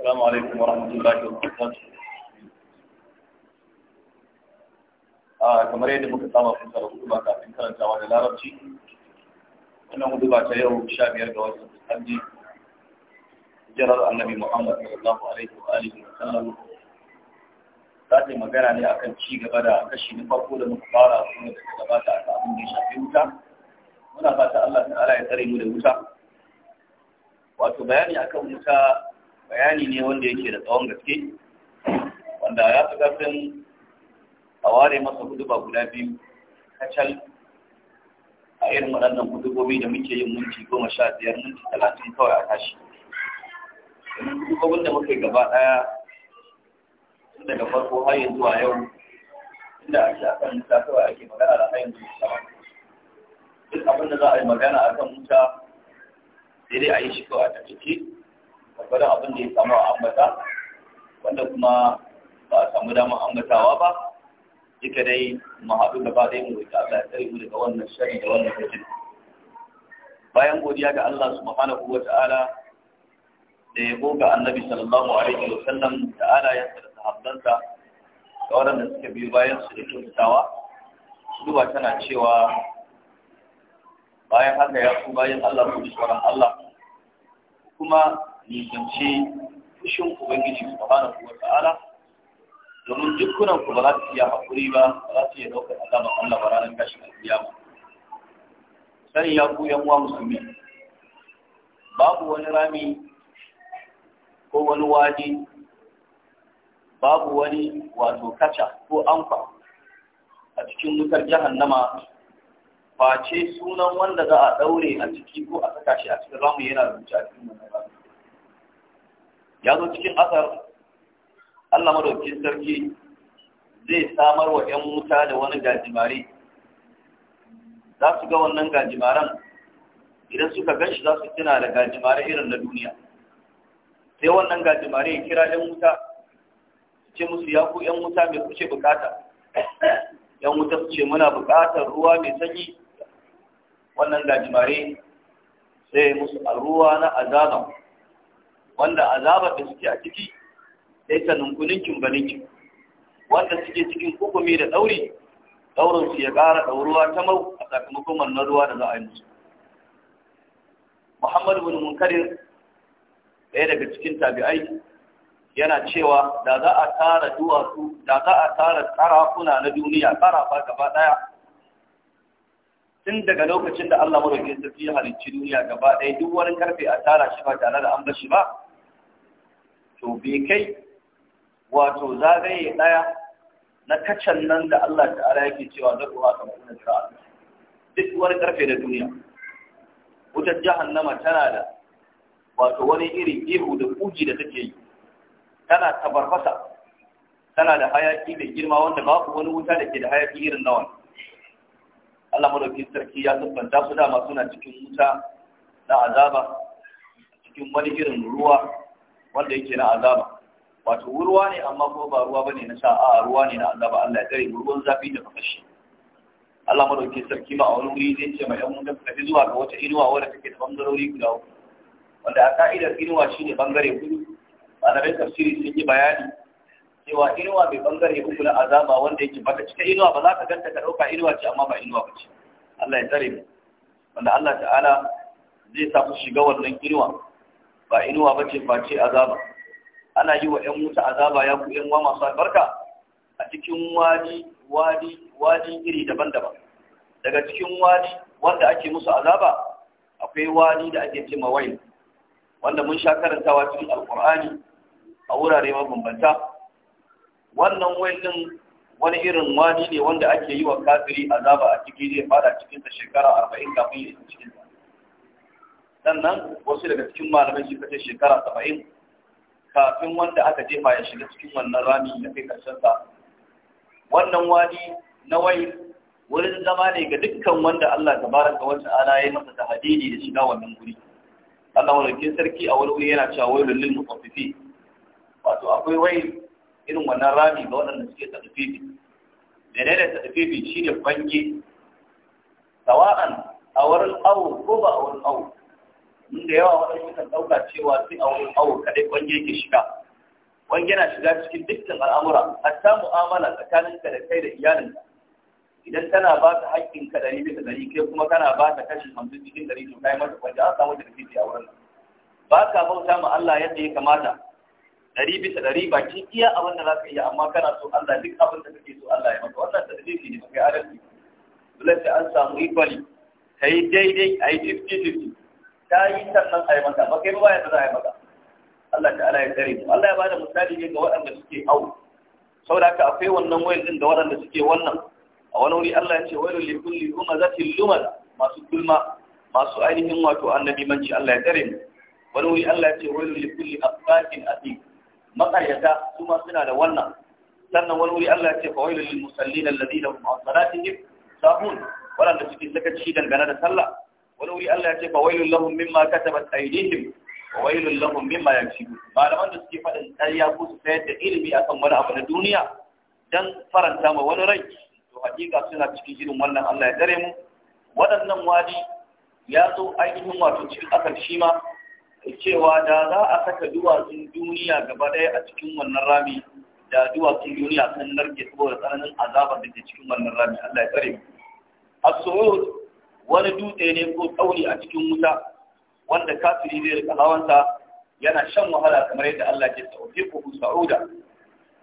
السلام عليكم ورحمة الله وبركاته kamar yadda muka saba kun tsara hudu ba kafin karantawa da larabci wannan hudu ba ta yau sha biyar ga wasu hajji jirar annabi muhammad sallallahu alaihi wa alihi wa sallam za ta yi magana ne akan ci gaba da kashi na farko da muka fara kuma da ta gabata a abin da ya shafi wuta muna fata allah ta'ala ya tsare mu da wuta wato bayani akan wuta bayani ne wanda yake da tsawon gaske wanda ya fi ƙarfin a ware masa huduba guda biyu kacal a irin waɗannan hudubobi da muke yin minti goma sha biyar minti talatin kawai a tashi hudubobin da muka yi gaba ɗaya tun daga farko har yanzu a yau inda ake a kan musa kawai ake magana da har yanzu duk abin da za a yi magana a kan musa sai dai a yi shi kawai a tafiye gwargwadon abin da ya samu a ambata wanda kuma ba a samu damar ambatawa ba duka dai mu haɗu ba dai mu roƙi Allah ya mu daga wannan shari da wannan fitin bayan godiya ga Allah subhanahu wa ta'ala da ya goga annabi sallallahu alaihi wa sallam da alayansa da sahabbansa da waɗanda suka biyo bayan su da kyautatawa duba tana cewa bayan haka ya ku bayan Allah ku ji tsoron Allah kuma nisanci fushin ubangiji na kuwa ta'ala domin dukkunan ku ba za su iya haƙuri ba ba za su iya ɗaukar azaban Allah ba ranar gashin ba. sani ya ku yan uwa musulmi babu wani rami ko wani wadi babu wani wato kaca ko anfa a cikin wutar jahannama face sunan wanda za a ɗaure a ciki ko a saka shi a cikin ramu yana rubuce a cikin wannan ya zo cikin asar Allah madaukin sarki zai samar wa ‘yan wuta da wani gajimare za su ga wannan gajimaren idan suka gan shi za su tuna da gajimare irin na duniya sai wannan gajimare ya kira ‘yan wuta ce musu ya ku ‘yan wuta mai kuce bukata ‘yan wuta su ce muna bukatar ruwa mai sanyi wannan gajimare sai musu a ruwa na azaba wanda azabar da suke a ciki sai ta ninkuninkin baninkin wanda suke cikin hukumi da ɗauri ɗaurin su ya ƙara ɗauruwa ta mau a sakamakon wannan ruwa da za a yi musu muhammad bin munkarin ɗaya daga cikin tabi'ai yana cewa da za a tara duwatsu da za a tara ƙarafuna na duniya ƙarafa gaba ɗaya tun daga lokacin da Allah madaukakin sarki ya halicci duniya gaba ɗaya duk wani karfe a tara shi ba tare da an bashi ba to bai kai wato zagaye ɗaya na kacan nan da Allah ta'ala yake cewa zai ruwa kamar ina jira'a duk wani ƙarfe na duniya wutar jahannama tana da wato wani irin ihu da kuji da take yi tana tabarfasa tana da hayaki da girma wanda babu wani wuta da ke da hayaki irin nawa. Allah madaukakin sarki ya tsabbanta su dama suna cikin wuta na azaba cikin wani irin ruwa wanda yake na azaba wato ruwa ne amma ko ba ruwa bane na sa'a ruwa ne na azaba Allah ya tsare ruwan zafi da fashi Allah dauke sarki ba a wani wuri zai ce mai yan mun fi zuwa ga wata inuwa wanda take da bangarori guda uku wanda a ka'idar inuwa shine bangare kudu malamai tafsiri sun yi bayani cewa inuwa mai bangare uku na azaba wanda yake baka cika inuwa ba za ka ganta ka dauka inuwa ce amma ba inuwa ba ce Allah ya tsare mu wanda Allah ta'ala zai sa ku shiga wannan inuwa ba inuwa bace face azaba ana yi wa ƴan wuta azaba ya ku ƴan wa masu albarka a cikin wadi wadi wadi iri daban-daban daga cikin wadi wanda ake musu azaba akwai wadi da ake cewa wail wanda mun sha karantawa cikin alkur'ani a wurare mabambanta wannan wail din wani irin wadi ne wanda ake yi wa kafiri azaba a ciki zai fara cikin shekara 40 kafin ya cikin sannan wasu daga cikin malamai shi kace shekara saba'in kafin wanda aka jefa ya shiga cikin wannan rami ya kai karshen sa wannan wadi na wai wurin zama ne ga dukkan wanda Allah tabaraka wa ta'ala ya masa hadidi da shiga wannan guri Allah walakin sarki a wani wuri yana cewa wai lil mutaffifin wato akwai wai irin wannan rami ga waɗanda suke tsaddifi menene shi shine bange sawa'an a wurin awu ko ba a wurin awu inda yawa wani sukan ɗauka cewa sai a wurin awo kaɗai ƙwange yake shiga ƙwange yana shiga cikin dukkan al'amura hatta mu'amala tsakaninka da kai da iyalinka idan kana ba ta haƙƙin ka ɗari bisa ɗari kai kuma kana ba ta kashi hamsin cikin ɗari to kai mata ƙwange an samu da rikici a wurin ba ka bauta ma Allah yadda ya kamata ɗari bisa ɗari ba ki iya abin da za ka iya amma kana so Allah duk abin da kake so Allah ya maka wannan da tadbiri ne ba kai adalci dole sai an samu equally kai daidai a yi 50 fifty ta yi sannan a yi mata ba kai ba ya za a yi mata Allah ta'ala ya tsare mu Allah ya bada misali ne ga waɗanda suke hau saboda haka akwai wannan wayan din da waɗanda suke wannan a wani wuri Allah ya ce wailul li kulli humazatin lumaza masu kulma masu ainihin wato annabi manci Allah ya tsare mu wani wuri Allah ya ce wailul li kulli affakin athim makaryata su ma suna da wannan sannan wani wuri Allah ya ce fa wailul lil musallin alladhina hum an salatihim sahun waɗanda suke sakaci dangane da sallah wani wuri Allah ya ce fawailun wailul lahum mimma katabat aydihim wa wailul lahum mimma yaksibun malaman da suke faɗin tsariya ko su sayar da ilimi akan wani abu na duniya dan faranta ma wani rai to hakika suna cikin irin wannan Allah ya dare mu waɗannan wadi ya zo ainihin wato cikin asal shi ma cewa da za a saka duwatsun duniya gaba ɗaya a cikin wannan rami da duwatsun duniya sun narke saboda tsananin azabar da ke cikin wannan rami Allah ya tsare mu as-su'ud wani dutse ne ko tsauni a cikin wuta wanda kafiri zai rika hawansa yana shan wahala kamar yadda Allah ke tawfiquhu sa'uda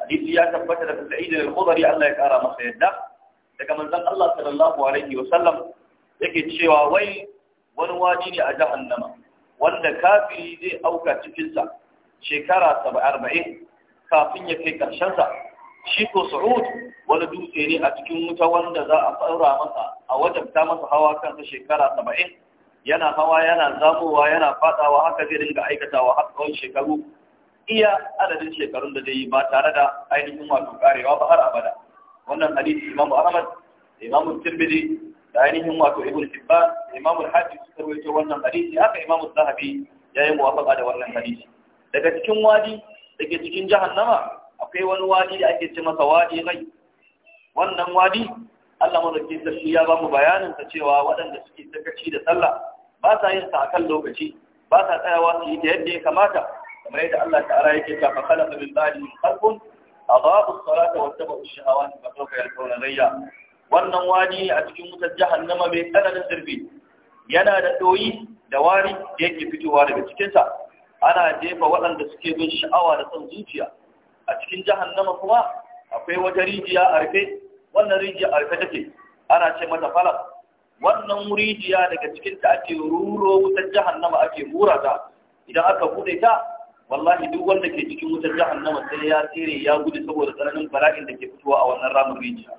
hadisi ya tabbata daga Sa'id al-Khudri Allah ya kara masa yadda daga manzon Allah sallallahu alaihi wa sallam yake cewa wai wani wadi ne a jahannama wanda kafiri zai auka cikin sa shekara 70 kafin ya kai karshen sa shi ko su'ud wani dutse ne a cikin wuta wanda za a fara masa a wajabta masa hawa kansa shekara saba'in yana hawa yana zamowa yana fadawa haka zai dinga aikatawa har tsawon shekaru iya adadin shekarun da zai yi ba tare da ainihin wato karewa ba har abada wannan hadisi imamu ahmad imamu tirmidhi da ainihin wato ibn hibban imamu al-haji suka rawaito wannan hadisi haka imamu zahabi ya yi muwafaqa da wannan hadisi daga cikin wadi Daga cikin jahannama akwai wani wadi da ake ce masa wadi rai wannan wadi Allah madauki shi ya bamu bayanin ta cewa waɗanda suke sakaci da sallah ba sa yin sa akan lokaci ba sa tsayawa su yi ta yadda ya kamata kamar yadda Allah ta'ala yake cewa fa khalaqa min ba'dihim khalqun salata wa tabu shahawat fa sawfa yalqawna ghayya wannan wadi a cikin wutar jahannama mai tsananin zurfi yana da doyi da wari da yake fitowa daga cikinsa ana jefa waɗanda suke bin sha'awa da son zuciya a cikin jahannama kuma akwai wata rijiya a rufe wannan rijiya a rufe take ana ce mata falak wannan rijiya daga cikin ta ake ruro wutar jahannama ake mura ta idan aka bude ta wallahi duk wanda ke cikin wutar jahannama sai ya tsere ya gudu saboda tsananin bala'in da ke fitowa a wannan ramin rijiya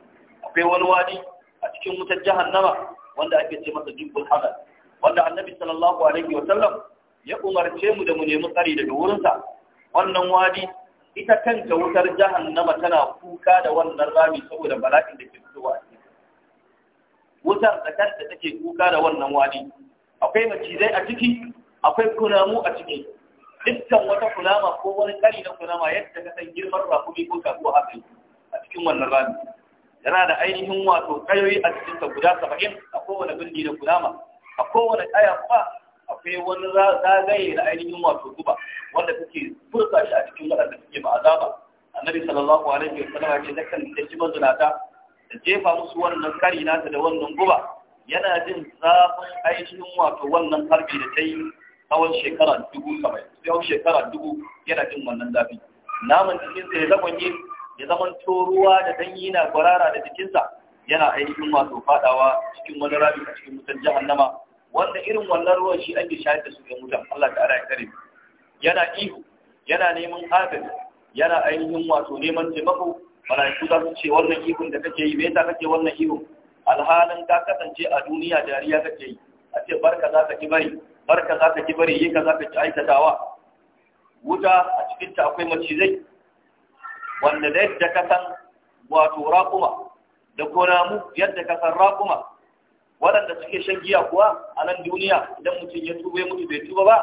akwai wani wani a cikin wutar jahannama wanda ake ce masa jubbul hadal wanda annabi sallallahu alaihi wa sallam ya umarce mu da mu nemi tsari daga wurinsa wannan wadi ita kanta wutar jahannama tana kuka da wannan rami saboda bala'in da ke fitowa a cikin wutar da kanta take kuka da wannan wani akwai macizai a ciki akwai kunamu a ciki dukkan wata kunama ko wani kari na kunama yadda ka san girman rakumi ko a kai a cikin wannan rami yana da ainihin wato kayoyi a cikinsa guda saba'in a kowane bindi na kunama a kowane kaya kuma sai wani zagaye na ainihin wato guba wanda suke furta shi a cikin waɗanda suke ba azaba annabi sallallahu alaihi wasallam ce nakan da shi mazunata da jefa musu wannan kari nata da wannan guba yana jin zafin ainihin wato wannan harbi da ta yi tsawon shekara dubu saba'in tsawon shekara dubu yana jin wannan zafi naman jikinsa ya zama ne ya zama ruwa da danyi na gwarara da jikinsa yana ainihin wato fadawa cikin wani rami a cikin wutan jahannama wanda irin wannan ruwan shi ake shayar da su ga mutan Allah ta'ala ya kare yana ihu yana neman agaji yana ainihin wato neman taimako malaiku za su ce wannan ihun da kake yi me yasa kake wannan ihun alhalin ka kasance a duniya dariya kake yi a ce barka za ka ki bari barka za ka ki bari yi ka za ka ki aikatawa wuta a cikin ta akwai macizai wanda da yadda ka san wato raƙuma da konamu yadda ka san raƙuma waɗanda suke shan giya kuwa a nan duniya idan mutum ya tuba mutu bai tuba ba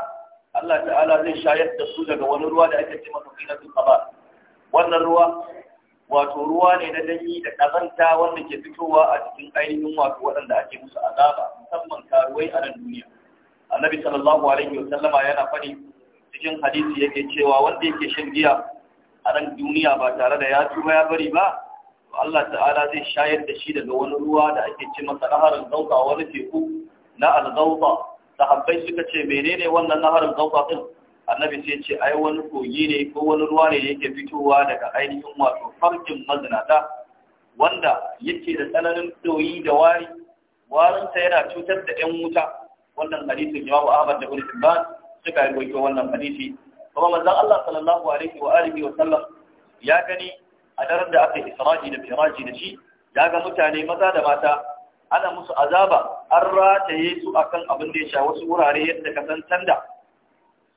Allah ta'ala zai shayar da su daga wani ruwa da ake ce masa qinatul ba. wannan ruwa wato ruwa ne na danyi da kazanta wanda ke fitowa a cikin ainihin wato waɗanda ake musu azaba musamman karuwai a nan duniya annabi sallallahu alaihi wa sallama yana faɗi cikin hadisi yake cewa wanda yake shan giya a nan duniya ba tare da ya tuba ya bari ba Allah ta'ala zai shayar da shi daga wani ruwa da ake ci masa naharin zauka wani teku na alzauka sahabbai suka ce menene wannan naharin zauka din annabi sai ce ai wani kogi ne ko wani ruwa ne yake fitowa daga ainihin wato farkin mazinata wanda yake da tsananin doyi da wari warinsa yana cutar da 'yan wuta wannan hadisin babu ahmad da ibn hibban suka yi wannan hadisi kuma manzon Allah sallallahu alaihi wa alihi wa sallam ya gani a daren da aka yi isra'i da firaji da shi ya ga mutane maza da mata ana musu azaba an rataye su akan abin da ya sha wasu wurare yadda ka san tanda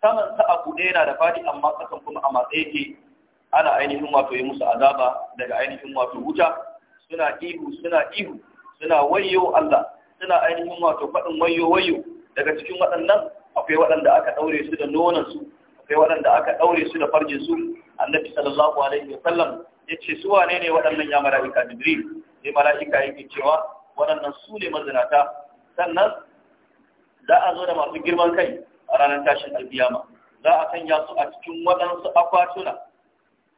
saman sa a kuɗe yana da fadi amma kasan kuma a matsayi ke ana ainihin wato yi musu azaba daga ainihin wato wuta suna ihu suna ihu suna wayo Allah suna ainihin wato faɗin wayo wayo daga cikin waɗannan akwai waɗanda aka ɗaure su da nonansu akwai waɗanda aka ɗaure su da farjinsu annabi sallallahu alaihi sallam yace su wane ne waɗannan ya mala'ika jibril sai mala'ika yake cewa waɗannan su ne mazinata sannan za a zo da masu girman kai a ranar tashin albiyama. za a sanya su a cikin waɗansu akwatuna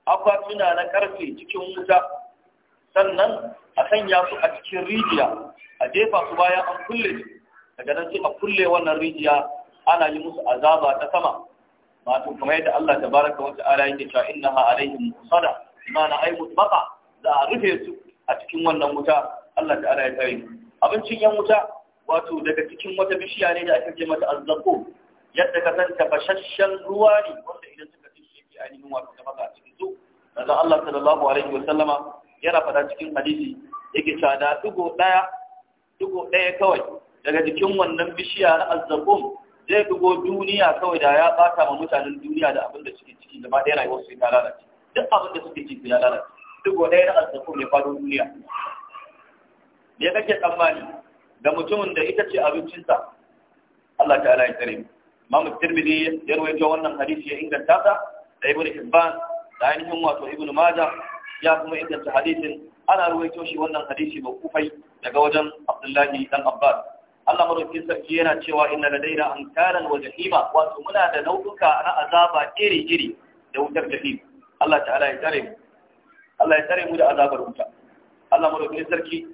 akwatuna na ƙarfe cikin wuta sannan a sanya su a cikin rijiya a jefa su bayan an kulle su daga nan sai a kulle wannan rijiya ana yi musu azaba ta sama wato kamar yadda Allah tabaraka wa ta'ala yake cewa innaha alaihim musada na ai mutbaka da a rufe su a cikin wannan wuta Allah ta'ala ya tsare abincin yan wuta wato daga cikin wata bishiya ne da ake ce mata azzaqo yadda ka san tafashashshen ruwa ne wanda idan suka ci shi yake ainihin wato da baka a cikin su daga Allah sallallahu alaihi wa sallama yana fada cikin hadisi yake cewa da dugo daya dugo daya kawai daga cikin wannan bishiya na azzaqo zai dugo duniya kawai da ya bata ma mutanen duniya da abin da suke ciki gaba ɗaya rayuwar su ta lalace duk abin da suke ci ya lalace duk wanda ya rasa ko ne fadon duniya me kake tsammani da mutumin da ita ce abincinsa Allah ta'ala ya tsare Imam Tirmidhi ya rawaito wannan hadisi ya inganta ta da Ibn Hibban da ainihin wato Ibn Majah ya kuma inganta hadisin ana ruwaito shi wannan hadisi ba kufai daga wajen Abdullahi dan Abbas Allah madauki sarki yana cewa inna ladaina ankaran wa jahima wato muna da nau'uka na azaba iri-iri da wutar jahim Allah ta'ala ya tsare mu Allah ya tsare mu da azabar wuta Allah madaukakin sarki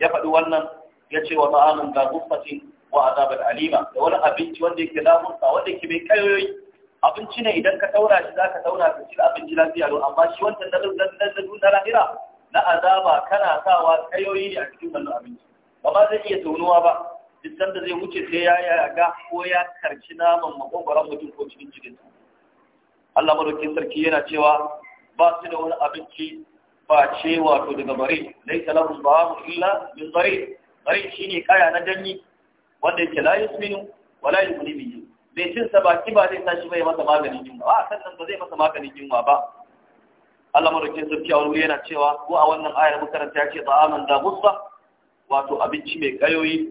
ya faɗi wannan ya ce wa ma'amin ga guffatin wa azabar alima da wani abinci wanda yake lamunsa wanda yake mai kayoyi abinci ne idan ka taura shi za ka taura ka ci abinci lafiya lo amma shi wancan da na lahira na azaba kana sawa kayoyi ne a cikin wannan abinci ba ba zai iya taunuwa ba duk da zai wuce sai ya yaga ko ya karci naman makogwaron mutum ko cikin cikinsa Allah madaukin sarki yana cewa ba su da wani abinci ba ce wato daga bare laisa lahum ba'amu illa min bare bare shine kaya na danyi wanda yake la yusminu wala yughni min bai cin sa baki ba zai tashi bai masa maganin yunwa ba sannan ba zai masa maganin yunwa ba Allah madaukin sarki a wuri yana cewa ko a wannan ayar makaranta ya ce ta'aman da gussa wato abinci mai kayoyi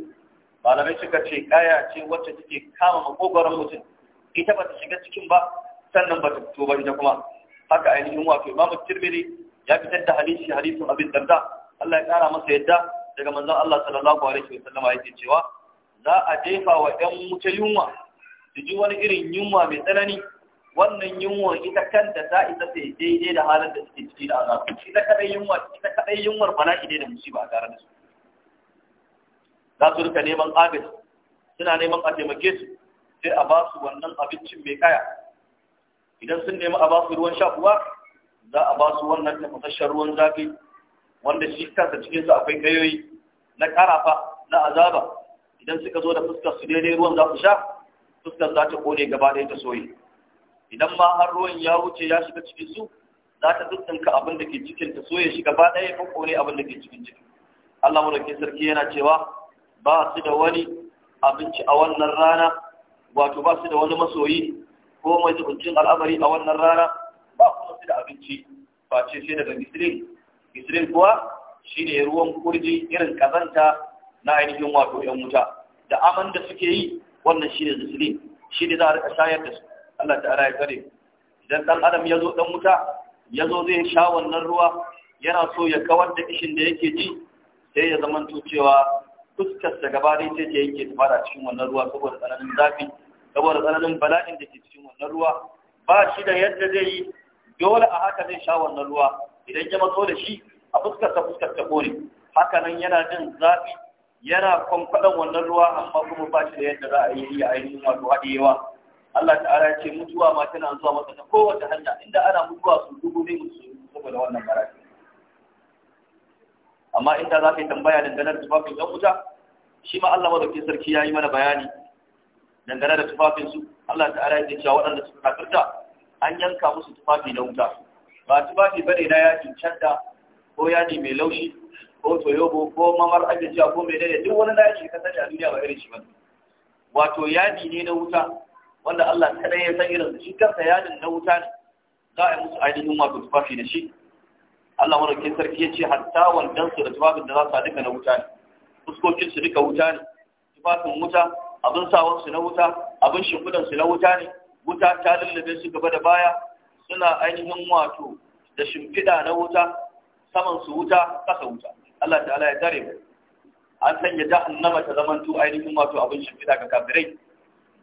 malamai suka ce kaya ce wacce take kama makogoron mutum ita ba ta shiga cikin ba sannan ba ta fito ba ita kuma haka ainihin wato imamu tirmidhi ya fitar da hadisi hadisin abin darda Allah ya kara masa yadda daga manzon Allah sallallahu alaihi wa sallama yake cewa za a jefa wa ɗan wuta yunwa su ji wani irin yunwa mai tsanani wannan yunwa ita kanta za ita ta daidai da halin da suke ciki da azabu ita kadai yunwa ita kadai yunwar bala'i ide da musiba a tare da su za su rika neman agaji suna neman a taimake su sai a ba su wannan abincin mai kaya idan sun nemi a ba su ruwan sha kuwa za a ba su wannan tafasasshen ruwan zafi wanda shi kansa cikinsu akwai kayoyi na karafa na azaba idan suka zo da fuskar su daidai ruwan za su sha fuskar za ta kone gaba ɗaya ta soye idan ma har ruwan ya wuce ya shiga cikin su za ta dukkanka abin da ke cikin ta soye shi gaba ɗaya ko kone abin da ke cikin ciki Allah madaukakin sarki yana cewa ba su da wani abinci a wannan rana wato ba su da wani masoyi ko majibincin al'amari a wannan rana ba kuma su da abinci Ba ce sai daga misirin misirin kuwa shi ne ruwan kurji irin kazanta na ainihin wato ‘yan wuta da aman da suke yi wannan shi ne misirin shi ne za a rika shayar da su Allah ta'ala ya tsare idan dan adam ya zo ɗan wuta ya zo zai sha wannan ruwa yana so ya kawar da kishin da yake ji sai ya zamanto cewa fuskarsa gaba dai sai ta yake fara cikin wannan ruwa saboda tsananin zafi saboda tsananin bala'in da ke cikin wannan ruwa ba shi da yadda zai yi dole a haka zai sha wannan ruwa idan ya matso da shi a fuskar ta fuskar ta kore haka nan yana jin zafi yana kwamfadan wannan ruwa amma kuma ba shi da yadda za a yi ya ainihin wato haɗewa Allah ta'ala ya ce mutuwa ma tana zuwa masa ta kowace hanya inda ana mutuwa su dubu ne musu saboda wannan bara'i amma inda za ka yi tambaya dangane da tufafin yan wuta shi ma Allah madaukin sarki ya yi mana bayani dangane da tufafinsu Allah ta'ala ya cewa waɗanda suka kafirta an yanka musu tufafi na wuta ba tufafi bane na yakin canda ko yadi mai laushi ko toyobo ko mamar ake cewa ko mai daidai duk wani yaƙi ka sani a duniya ba irin shi ba wato yadi ne na wuta wanda Allah kadai ya san irin shi kansa yadin na wuta ne za a yi musu ainihin wato tufafi da shi Allah ke sarki ya ce hatta wani dansu da tufafin da za su duka na wuta ne Fuskokinsu duka wuta ne tufafin wuta abin sawansu su na wuta abin shimfidan su na wuta ne wuta ta lullube su gaba da baya suna ainihin wato da shimfida na wuta saman su wuta kasa wuta Allah ta'ala ya tare mu an sanya jahannama ta zamanto ainihin wato abin shimfida ga kafirai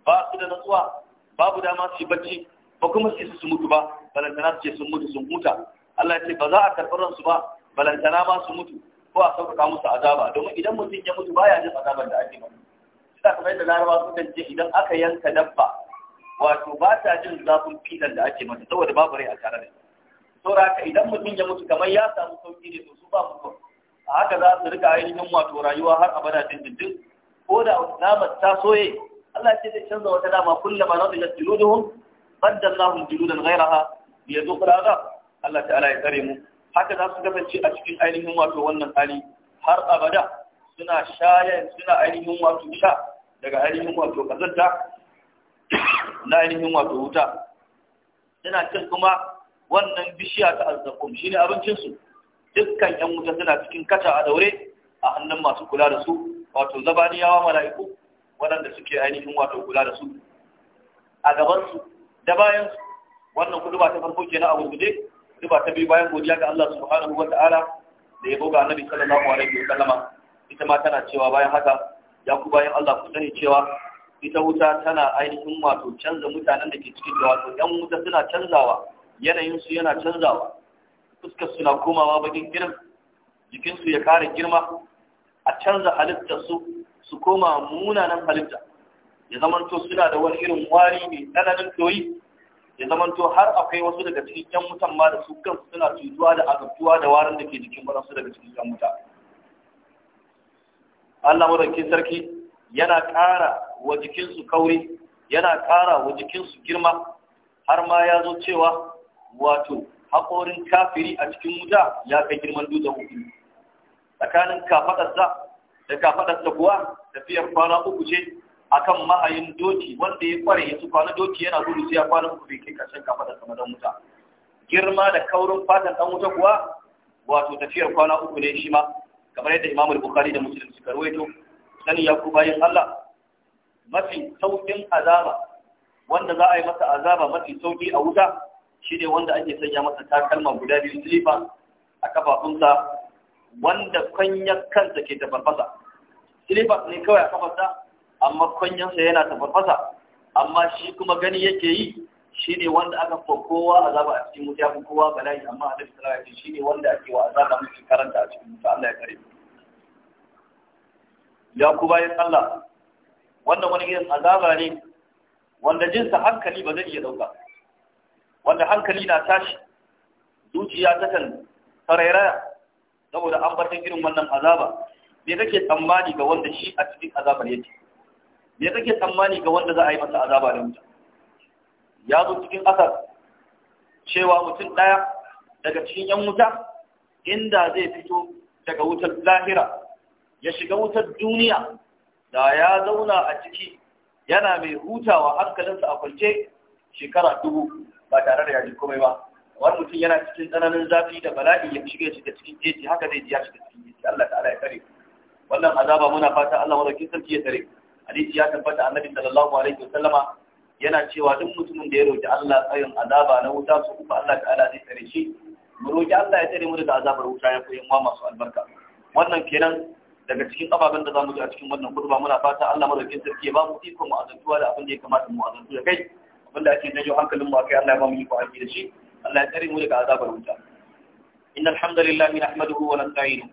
ba su da natsuwa babu dama su yi bacci ba kuma su su mutu ba balantana su ce sun mutu sun huta Allah ce ba za a karɓar su ba balantana ma su mutu ko a sauƙaƙa musu azaba domin idan mutum ya mutu baya jin azabar da ake ba. sa kamar da larabawa sukan ce idan aka yanka dabba wato ba ta jin zafin filan da ake mata saboda babu rai a tare da saboda idan mutum ya mutu kamar ya samu sauki ne to su ba mutu a haka za su rika ainihin wato rayuwa har abada dindindin ko da namar ta soye Allah ce zai canza wata dama kullum ma nasu yadda jiluduhun baddallahun jiludan ghairaha ya zo kuraga Allah ta'ala ya tsare mu haka za su kasance a cikin ainihin wato wannan hali har abada suna shayar suna ainihin wato sha daga ainihin wato kazanta na ainihin wato wuta yana cin kuma wannan bishiya ta shi ne abincinsu dukkan yan wuta suna cikin kata a daure a hannun masu kula da su wato zabaniyawa mala'iku waɗanda suke ainihin wato kula da su a gabansu da bayansu wannan kudu ba ta farko ke na abu guje kudu ba ta biyu bayan godiya ga Allah subhanahu wa ta'ala da ya buga annabi sallallahu alaihi wa sallama ita ma tana cewa bayan haka ya ku bayan Allah ku sani cewa ita wuta tana ainihin wato canza mutanen da ke cikin da wato yan wuta suna canzawa yanayinsu yana canzawa fuskar suna komawa bakin girin jikinsu ya kare girma a canza halitta su su koma munanan halitta ya zamanto suna da wani irin wari mai tsananin doyi ya zamanto har akwai wasu daga cikin yan mutan ma da su kansu suna cutuwa da azabtuwa da warin da ke jikin waɗansu daga cikin yan mutan Allah madaukin sarki yana ƙara wa jikinsu kauri yana ƙara wa jikinsu girma har ma ya zo cewa wato haƙorin kafiri a cikin wuta ya kai girman dutsen hukun tsakanin kafaɗarsa da kafaɗarsa kuwa tafiyar kwana uku ce akan ma'ayin doki wanda ya kware ya su kwana doki yana gudu sai ya kwana uku bai kai ƙarshen kafaɗarsa madan wuta girma da kaurin fatan ɗan wuta kuwa wato tafiyar kwana uku ne shi ma kamar yadda Imam Bukhari da Muslim suka rawaito sani ya ku bayin Allah mafi saukin azaba wanda za a yi masa azaba mafi sauki a wuta shine wanda ake sanya masa takalma guda biyu silifa a kafafunsa wanda kwanyar kansa ke farfasa. silifa ne kawai a kafarsa amma kwanyansa yana tafafasa amma shi kuma gani yake yi shi ne wanda aka fi kowa zaba a cikin mutiya ko kowa bala'i amma a cikin sarari shi ne wanda ake wa azaba mutu karanta a cikin mutu Allah ya kare ya ku bayan Allah wanda wani irin azaba ne wanda jinsa hankali ba zai iya dauka wanda hankali na tashi zuciya ta kan sarairaya saboda an bar irin wannan azaba me kake tsammani ga wanda shi a cikin azabar yake me kake tsammani ga wanda za a yi masa azaba da mutum? ya zo cikin ƙasar cewa mutum ɗaya daga cikin ‘yan wuta inda zai fito daga wutar lahira ya shiga wutar duniya da ya zauna a ciki yana mai hutawa hankalinsa a kwance shekara dubu ba tare da yaji komai ba wani mutum yana cikin tsananin zafi da bala'i ya shiga shiga cikin jeji haka zai ji ya shiga cikin jeji Allah ta'ala ya kare wannan azaba muna fata Allah madaukakin sarki ya tare hadisi ya tabbata annabi sallallahu alaihi wasallama yana cewa duk mutumin da ya roki Allah tsayin azaba na wuta su uku Allah ta'ala zai tsare shi mu roƙi Allah ya tsare mu daga azabar wuta ya koyi wa masu albarka wannan kenan daga cikin ababen da zamu ji a cikin wannan kurba muna fata Allah madaukakin sarki ya ba mu iko mu azantuwa da abin da ya kamata mu azantu da kai abin da ake janyo hankalin mu akai Allah ya ba mu iko aiki da shi Allah ya tsare mu daga azabar wuta Inna innal hamdalillah nahmaduhu wa nasta'inuhu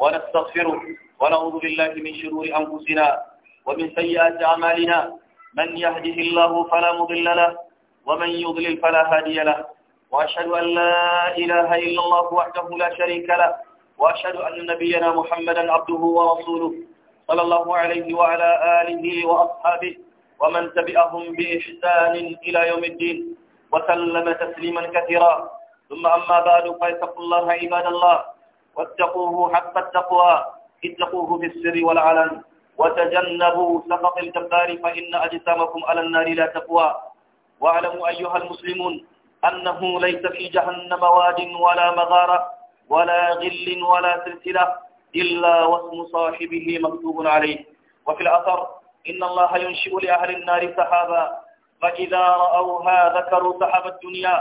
wa nastaghfiruh wa na'udhu billahi min shururi anfusina wa min sayyiati a'malina من يهده الله فلا مضل له ومن يضلل فلا هادي له وأشهد أن لا إله إلا الله وحده لا شريك له وأشهد أن نبينا محمدا عبده ورسوله صلى الله عليه وعلى آله وأصحابه ومن تبعهم بإحسان إلى يوم الدين وسلم تسليما كثيرا ثم أما بعد فاتقوا الله عباد الله واتقوه حق التقوى اتقوه في السر والعلن وتجنبوا سخط الجبار فإن أجسامكم على النار لا تقوى واعلموا أيها المسلمون أنه ليس في جهنم واد ولا مغارة ولا غل ولا سلسلة إلا واسم صاحبه مكتوب عليه وفي الأثر إن الله ينشئ لأهل النار سحابا فإذا رأوها ذكروا سحاب الدنيا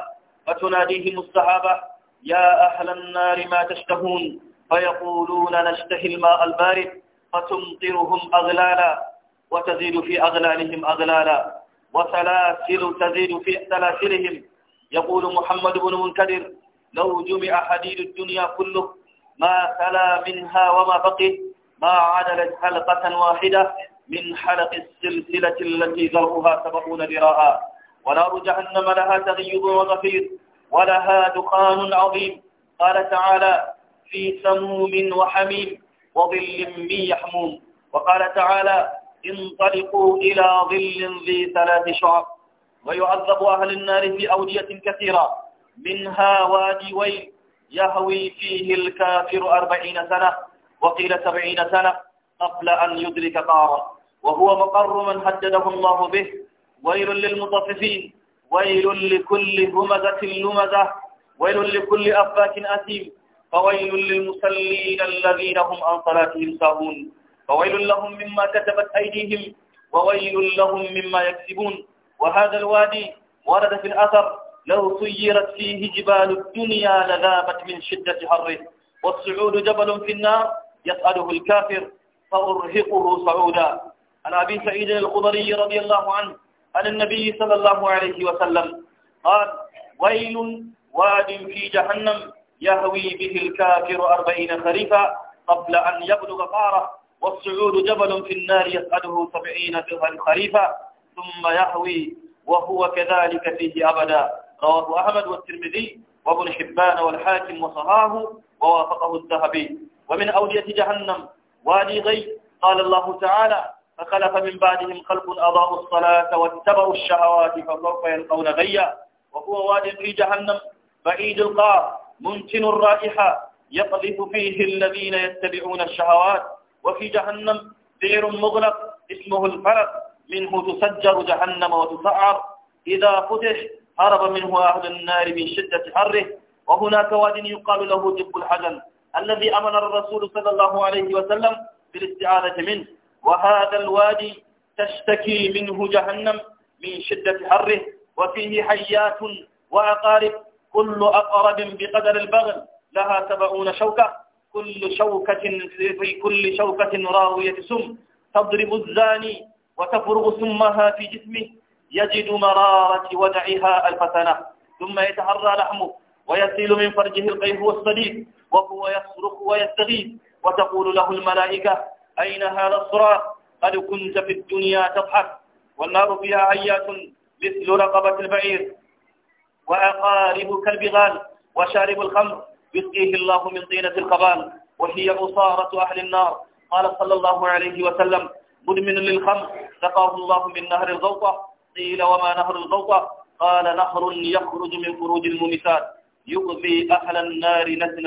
فتناديهم السحابة يا أهل النار ما تشتهون فيقولون نشتهي الماء البارد فتمطرهم أغلالا وتزيد في أغلالهم أغلالا وسلاسل تزيد في سلاسلهم يقول محمد بن منكدر لو جمع حديد الدنيا كله ما سلا منها وما بقي ما عدلت حلقة واحدة من حلق السلسلة التي ذرها سبعون ذراعا ونار جهنم لها تغيض وغفير ولها دخان عظيم قال تعالى في سموم وحميم وظل من يحموم وقال تعالى انطلقوا إلى ظل ذي ثلاث شعب ويعذب أهل النار في أودية كثيرة منها وادي ويل يهوي فيه الكافر أربعين سنة وقيل سبعين سنة قبل أن يدرك قارا وهو مقر من هدده الله به ويل للمطففين ويل لكل همزة لمزة ويل لكل أفاك أثيم فويل للمصلين الذين هم عن صلاتهم ساهون فويل لهم مما كتبت أيديهم وويل لهم مما يكسبون وهذا الوادي ورد في الأثر لو سيرت فيه جبال الدنيا لذابت من شدة حره والصعود جبل في النار يسأله الكافر فأرهقه صعودا عن أبي سعيد الخضري رضي الله عنه عن النبي صلى الله عليه وسلم قال ويل واد في جهنم يهوي به الكافر أربعين خريفا قبل أن يبلغ قاره والصعود جبل في النار يسأله سبعين خريفا ثم يهوي وهو كذلك فيه أبدا رواه أحمد والترمذي وابن حبان والحاكم وصهاه ووافقه الذهبي ومن أولية جهنم وادي غي قال الله تعالى فخلف من بعدهم خلق أضاءوا الصلاة واتبعوا الشهوات فسوف يلقون غيا وهو واد في جهنم بعيد القار منتن الرائحة يقذف فيه الذين يتبعون الشهوات وفي جهنم بئر مغلق اسمه الفلق منه تسجر جهنم وتسعر إذا فتح هرب منه أهل النار من شدة حره وهناك واد يقال له دب الحجن الذي أمر الرسول صلى الله عليه وسلم بالاستعاذة منه وهذا الوادي تشتكي منه جهنم من شدة حره وفيه حيات وعقارب كل أقرب بقدر البغل لها سبعون شوكة كل شوكة في كل شوكة راوية سم تضرب الزاني وتفرغ سمها في جسمه يجد مرارة ودعها ألف سنة ثم يتحرى لحمه ويسيل من فرجه القيف والصديق وهو يصرخ ويستغيث وتقول له الملائكة أين هذا الصراخ قد كنت في الدنيا تضحك والنار فيها عيات مثل رقبة البعير وأقاربك البغال وشارب الخمر يسقيه الله من طينة الخبال وهي عصارة أهل النار قال صلى الله عليه وسلم مدمن للخمر سقاه الله من نهر الغوطة قيل وما نهر الغوطة قال نهر يخرج من فروج الممسات يؤذي أهل النار نسن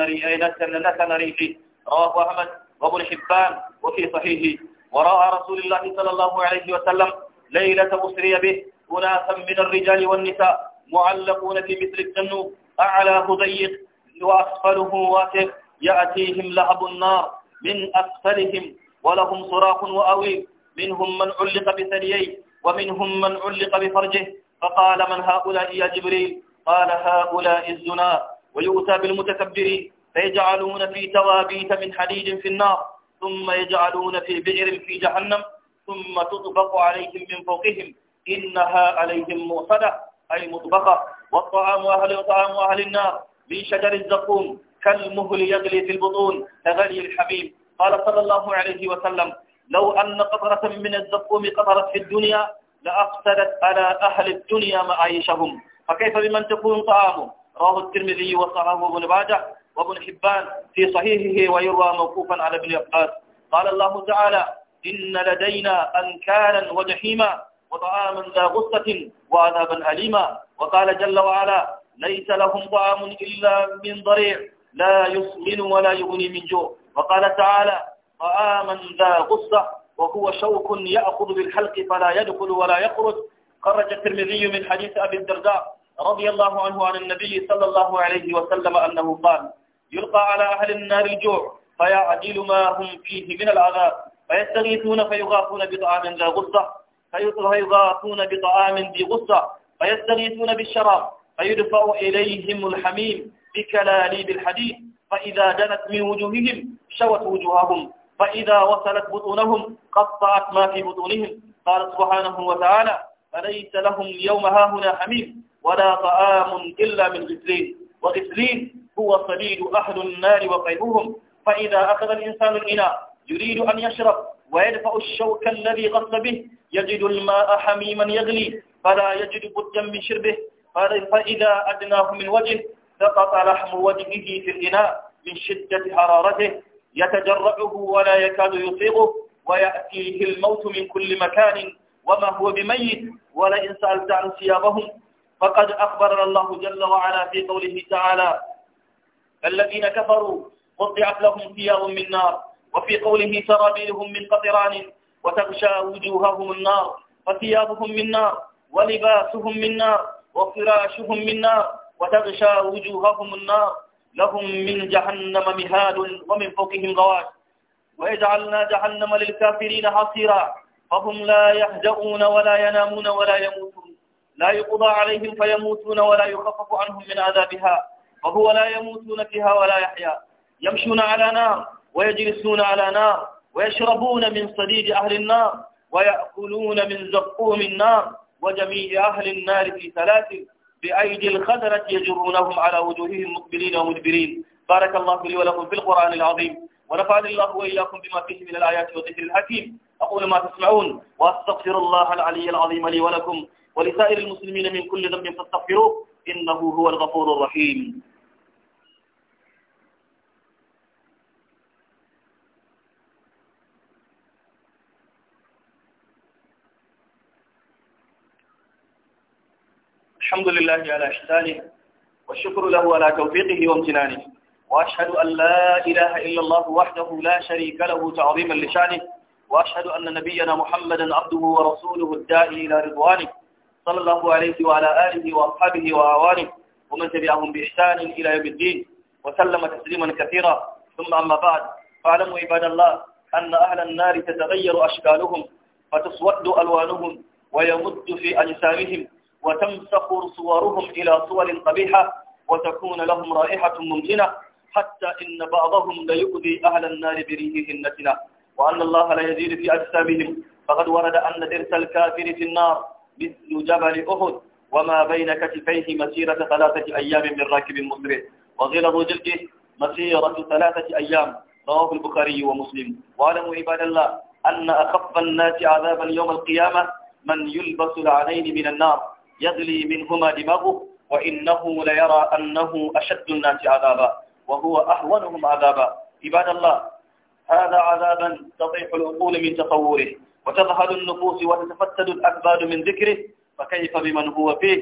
نسن ريحه رواه أحمد وابن حبان وفي صحيحه وراى رسول الله صلى الله عليه وسلم ليلة أسري به أناسا من الرجال والنساء معلقون في مثل التنور أعلاه ضيق وأسفله واسع يأتيهم لهب النار من أسفلهم ولهم صراخ وأويب منهم من علق بثدييه ومنهم من علق بفرجه فقال من هؤلاء يا جبريل قال هؤلاء الزنا ويؤتى بالمتكبرين فيجعلون في توابيت من حديد في النار ثم يجعلون في بئر في جهنم ثم تطبق عليهم من فوقهم إنها عليهم مؤصدة أي مطبقة والطعام أهل وطعام أهل النار من شجر الزقوم كالمهل يغلي في البطون كغلي الحبيب قال صلى الله عليه وسلم لو أن قطرة من الزقوم قطرت في الدنيا لأفسدت على أهل الدنيا معايشهم فكيف بمن تكون طعامه رواه الترمذي وصححه ابن ماجه وابن حبان في صحيحه ويروى موقوفا على ابن عباس قال الله تعالى إن لدينا أنكالا وجحيما وطعاما ذا غصة وعذابا أليما وقال جل وعلا ليس لهم طعام إلا من ضريع لا يسمن ولا يغني من جوع وقال تعالى طعاما ذا غصة وهو شوك يأخذ بالحلق فلا يدخل ولا يخرج خرج الترمذي من حديث أبي الدرداء رضي الله عنه عن النبي صلى الله عليه وسلم أنه قال يلقى على أهل النار الجوع فيعدل ما هم فيه من العذاب فيستغيثون فيغافون بطعام ذا غصة فيضاقون بطعام ذي غصة فيستغيثون بالشراب فيدفع إليهم الحميم بكلاليب الحديد فإذا دنت من وجوههم شوت وجوههم فإذا وصلت بطونهم قطعت ما في بطونهم قال سبحانه وتعالى فليس لهم اليوم هاهنا حميم ولا طعام إلا من غسلين وغسلين هو صديد أهل النار وقيبهم فإذا أخذ الإنسان الإناء يريد أن يشرب ويدفع الشوك الذي غص به يجد الماء حميما يغلي فلا يجد بدا من شربه فإذا أدناه من وجه سقط لحم وجهه في الإناء من شدة حرارته يتجرعه ولا يكاد يطيقه ويأتيه الموت من كل مكان وما هو بميت ولئن سألت عن ثيابهم فقد أخبرنا الله جل وعلا في قوله تعالى الذين كفروا قطعت لهم ثياب من نار وفي قوله سرابيلهم من قطران وتغشى وجوههم النار وثيابهم من نار ولباسهم من نار وفراشهم من نار وتغشى وجوههم النار لهم من جهنم مهاد ومن فوقهم غواش ويجعلنا جهنم للكافرين حصيرا فهم لا يهجؤون ولا ينامون ولا يموتون لا يقضى عليهم فيموتون ولا يخفف عنهم من عذابها وهو لا يموتون فيها ولا يحيا يمشون على نار ويجلسون على نار ويشربون من صديد أهل النار ويأكلون من زقوم النار وجميع أهل النار في سلاسل بأيدي الخزنة يجرونهم على وجوههم مقبلين ومدبرين بارك الله لي ولكم في القرآن العظيم ونفعني الله وإياكم بما فيه من الآيات والذكر الحكيم أقول ما تسمعون وأستغفر الله العلي العظيم لي ولكم ولسائر المسلمين من كل ذنب فاستغفروه إنه هو الغفور الرحيم الحمد لله على إحسانه والشكر له على توفيقه وامتنانه وأشهد أن لا إله إلا الله وحده لا شريك له تعظيما لشانه وأشهد أن نبينا محمدا عبده ورسوله الداعي إلى رضوانه صلى الله عليه وعلى آله وأصحابه وأعوانه ومن تبعهم بإحسان إلى يوم الدين وسلم تسليما كثيرا ثم أما بعد فاعلموا عباد الله أن أهل النار تتغير أشكالهم فتسود ألوانهم ويمد في أجسامهم وتمسخر صورهم إلى صور قبيحة وتكون لهم رائحة ممتنة حتى إن بعضهم ليؤذي أهل النار بريحه النتنة وأن الله لا يزيد في أجسامهم فقد ورد أن درس الكافر في النار مثل جبل أحد وما بين كتفيه مسيرة ثلاثة أيام من راكب مسرع وغلظ جلده مسيرة ثلاثة أيام رواه البخاري ومسلم واعلموا عباد الله أن أخف الناس عذابا يوم القيامة من يلبس العنين من النار يغلي منهما دماغه وإنه ليرى أنه أشد الناس عذابا وهو أهونهم عذابا عباد الله هذا عذابا تطيح العقول من تصوره وتذهل النفوس وتتفتد الأكباد من ذكره فكيف بمن هو فيه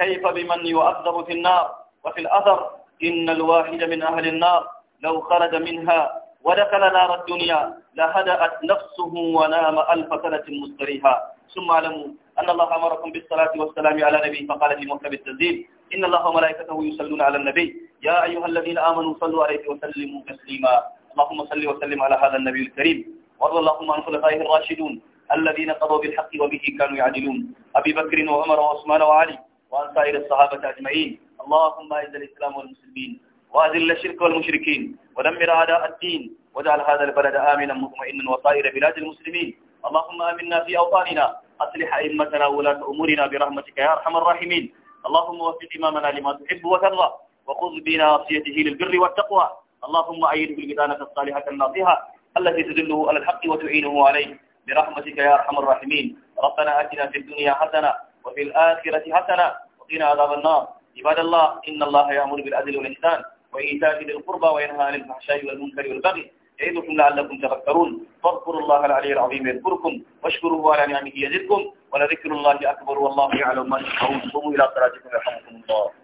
كيف بمن يؤذر في النار وفي الأثر إن الواحد من أهل النار لو خرج منها ودخل نار الدنيا لهدأت نفسه ونام ألف سنة مستريها ثم اعلموا أن الله أمركم بالصلاة والسلام على نبي فقال في مكتب التنزيل إن الله وملائكته يصلون على النبي يا أيها الذين آمنوا صلوا عليه وسلموا تسليما اللهم صل وسلم على هذا النبي الكريم وارض اللهم عن خلفائه الراشدون الذين قضوا بالحق وبه كانوا يعدلون أبي بكر وعمر وعثمان وعلي وأن سائر الصحابة أجمعين اللهم أعز الإسلام والمسلمين وأذل الشرك والمشركين ودمر أعداء الدين واجعل هذا البلد آمنا مطمئنا وسائر بلاد المسلمين اللهم آمنا في أوطاننا أصلح أئمتنا ولاة أمورنا برحمتك يا أرحم الراحمين اللهم وفق إمامنا لما تحب وترضى وخذ بناصيته للبر والتقوى اللهم أيده بالبدانه الصالحة الناصحة التي تدله على الحق وتعينه عليه برحمتك يا أرحم الراحمين ربنا آتنا في الدنيا حسنة وفي الآخرة حسنة وقنا عذاب النار عباد الله إن الله يأمر بالعدل والإحسان وإيتاء ذي القربى وينهى عن الفحشاء والمنكر والبغي يعظكم لعلكم تذكرون فاذكروا الله العلي العظيم يذكركم واشكروه على نعمه يزدكم ولذكر الله أكبر والله يعلم ما تشكرون صوموا إلى صلاتكم يرحمكم الله